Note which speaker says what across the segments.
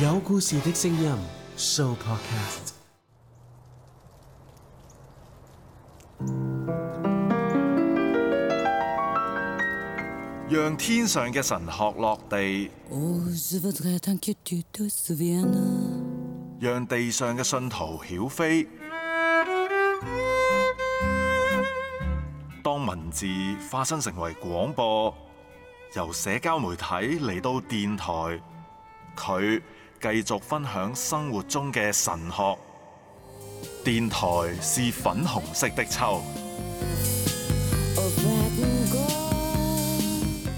Speaker 1: 有故事的聲音 Show Podcast，讓天上嘅神學落地，讓地上嘅信徒曉飛。當文字化身成為廣播，由社交媒體嚟到電台，佢。繼續分享生活中嘅神學。電台是粉紅色的秋。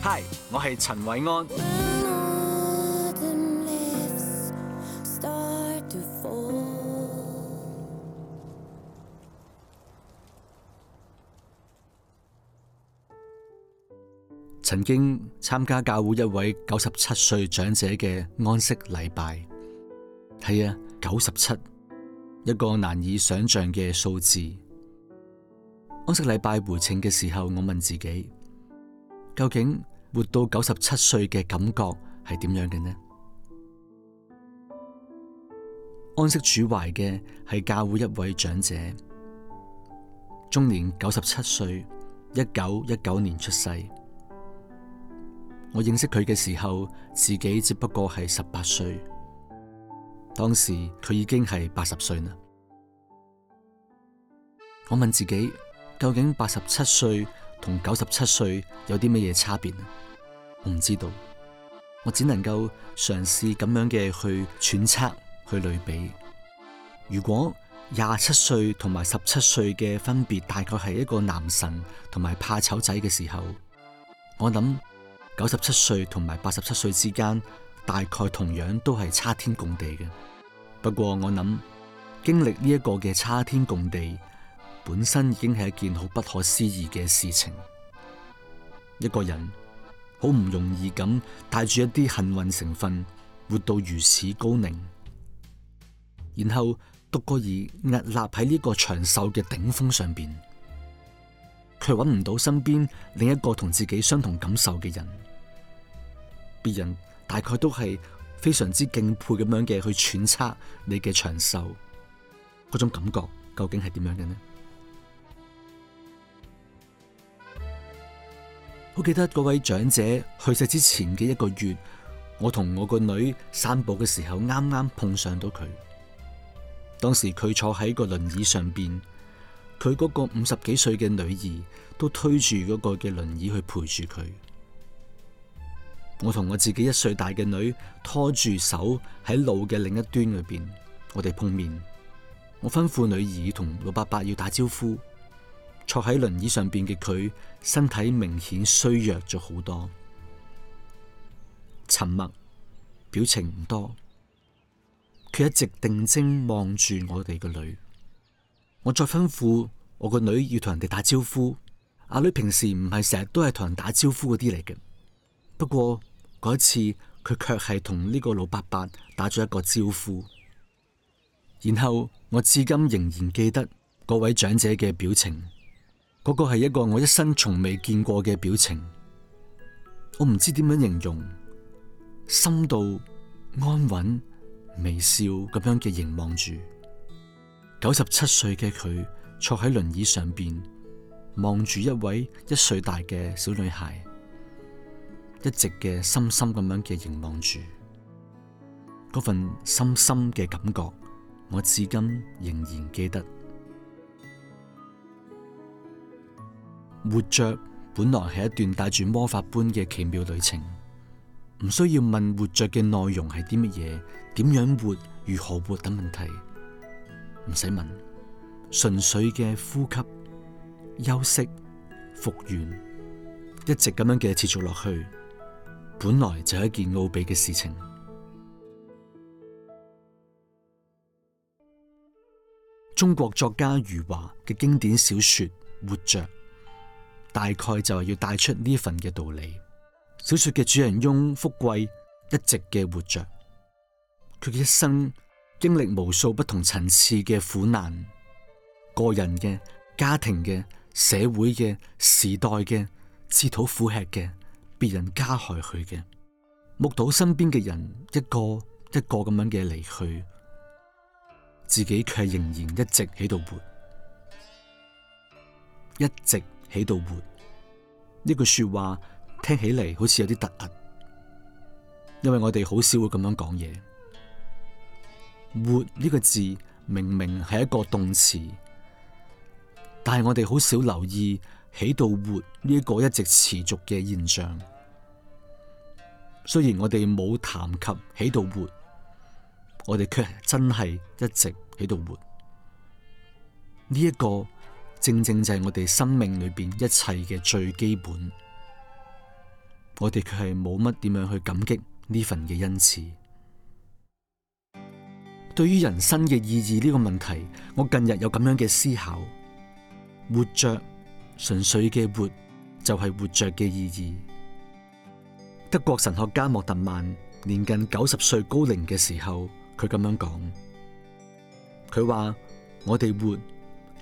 Speaker 1: 嗨，我係陳偉安。曾經參加教會一位九十七歲長者嘅安息禮拜，係啊，九十七，一個難以想象嘅數字。安息禮拜回程嘅時候，我問自己，究竟活到九十七歲嘅感覺係點樣嘅呢？安息主懷嘅係教會一位長者，終年九十七歲，一九一九年出世。我認識佢嘅時候，自己只不過係十八歲，當時佢已經係八十歲啦。我問自己，究竟八十七歲同九十七歲有啲乜嘢差別？我唔知道，我只能夠嘗試咁樣嘅去揣測、去類比。如果廿七歲同埋十七歲嘅分別，大概係一個男神同埋怕醜仔嘅時候，我諗。九十七歲同埋八十七歲之間，大概同樣都係差天共地嘅。不過我諗，經歷呢一個嘅差天共地，本身已經係一件好不可思議嘅事情。一個人好唔容易咁帶住一啲幸運成分，活到如此高齡，然後獨個兒屹立喺呢個長壽嘅頂峰上邊，卻揾唔到身邊另一個同自己相同感受嘅人。別人大概都係非常之敬佩咁樣嘅去揣測你嘅長壽嗰種感覺究竟係點樣嘅呢？我記得嗰位長者去世之前嘅一個月，我同我個女散步嘅時候，啱啱碰上到佢。當時佢坐喺個輪椅上邊，佢嗰個五十幾歲嘅女兒都推住嗰個嘅輪椅去陪住佢。我同我自己一歲大嘅女拖住手喺路嘅另一端裏邊，我哋碰面。我吩咐女兒同老伯伯要打招呼。坐喺輪椅上邊嘅佢，身體明顯衰弱咗好多，沉默，表情唔多。佢一直定睛望住我哋個女。我再吩咐我個女要同人哋打招呼。阿女平時唔係成日都係同人打招呼嗰啲嚟嘅，不過。嗰次佢卻係同呢個老伯伯打咗一個招呼，然後我至今仍然記得嗰位長者嘅表情，嗰、嗰個係一個我一生從未見過嘅表情，我唔知點樣形容，深度安穩微笑咁樣嘅凝望住，九十七歲嘅佢坐喺輪椅上邊，望住一位一歲大嘅小女孩。一直嘅深深咁樣嘅凝望住，嗰份深深嘅感覺，我至今仍然記得。活着本來係一段帶住魔法般嘅奇妙旅程，唔需要問活着嘅內容係啲乜嘢，點樣活，如何活等問題，唔使問，純粹嘅呼吸、休息、復原，一直咁樣嘅持續落去。本來就係一件奧秘嘅事情。中國作家余華嘅經典小說《活着》，大概就係要帶出呢份嘅道理。小說嘅主人翁福貴一直嘅活着，佢嘅一生經歷無數不同層次嘅苦難，個人嘅、家庭嘅、社會嘅、時代嘅、自討苦吃嘅。別人加害佢嘅，目睹身邊嘅人一個一個咁樣嘅離去，自己卻仍然一直喺度活，一直喺度活。呢句說話聽起嚟好似有啲突兀，因為我哋好少會咁樣講嘢。活呢個字明明係一個動詞，但係我哋好少留意喺度活呢一個一直持續嘅現象。雖然我哋冇談及喺度活，我哋卻真係一直喺度活。呢、這、一個正正就係我哋生命裏邊一切嘅最基本。我哋卻係冇乜點樣去感激呢份嘅恩賜。對於人生嘅意義呢個問題，我近日有咁樣嘅思考：活着，純粹嘅活，就係、是、活着嘅意義。德國神學家莫特曼年近九十歲高齡嘅時候，佢咁樣講：佢話我哋活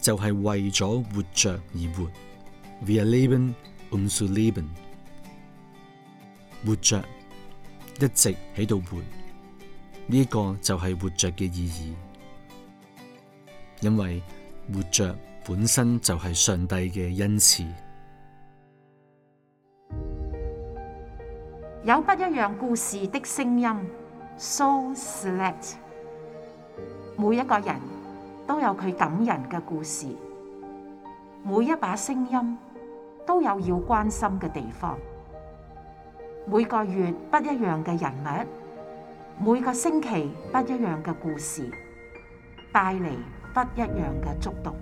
Speaker 1: 就是為咗活着而活，we a l i n unto l i 活着一直喺度活，呢、這個就係活着嘅意義，因為活着本身就係上帝嘅恩賜。有不一樣故事的聲音，So select。每一個人都有佢感人嘅故事，每一把聲音都有要關心嘅地方。每個月不一樣嘅人物，每個星期不一樣嘅故事，帶嚟不一樣嘅觸動。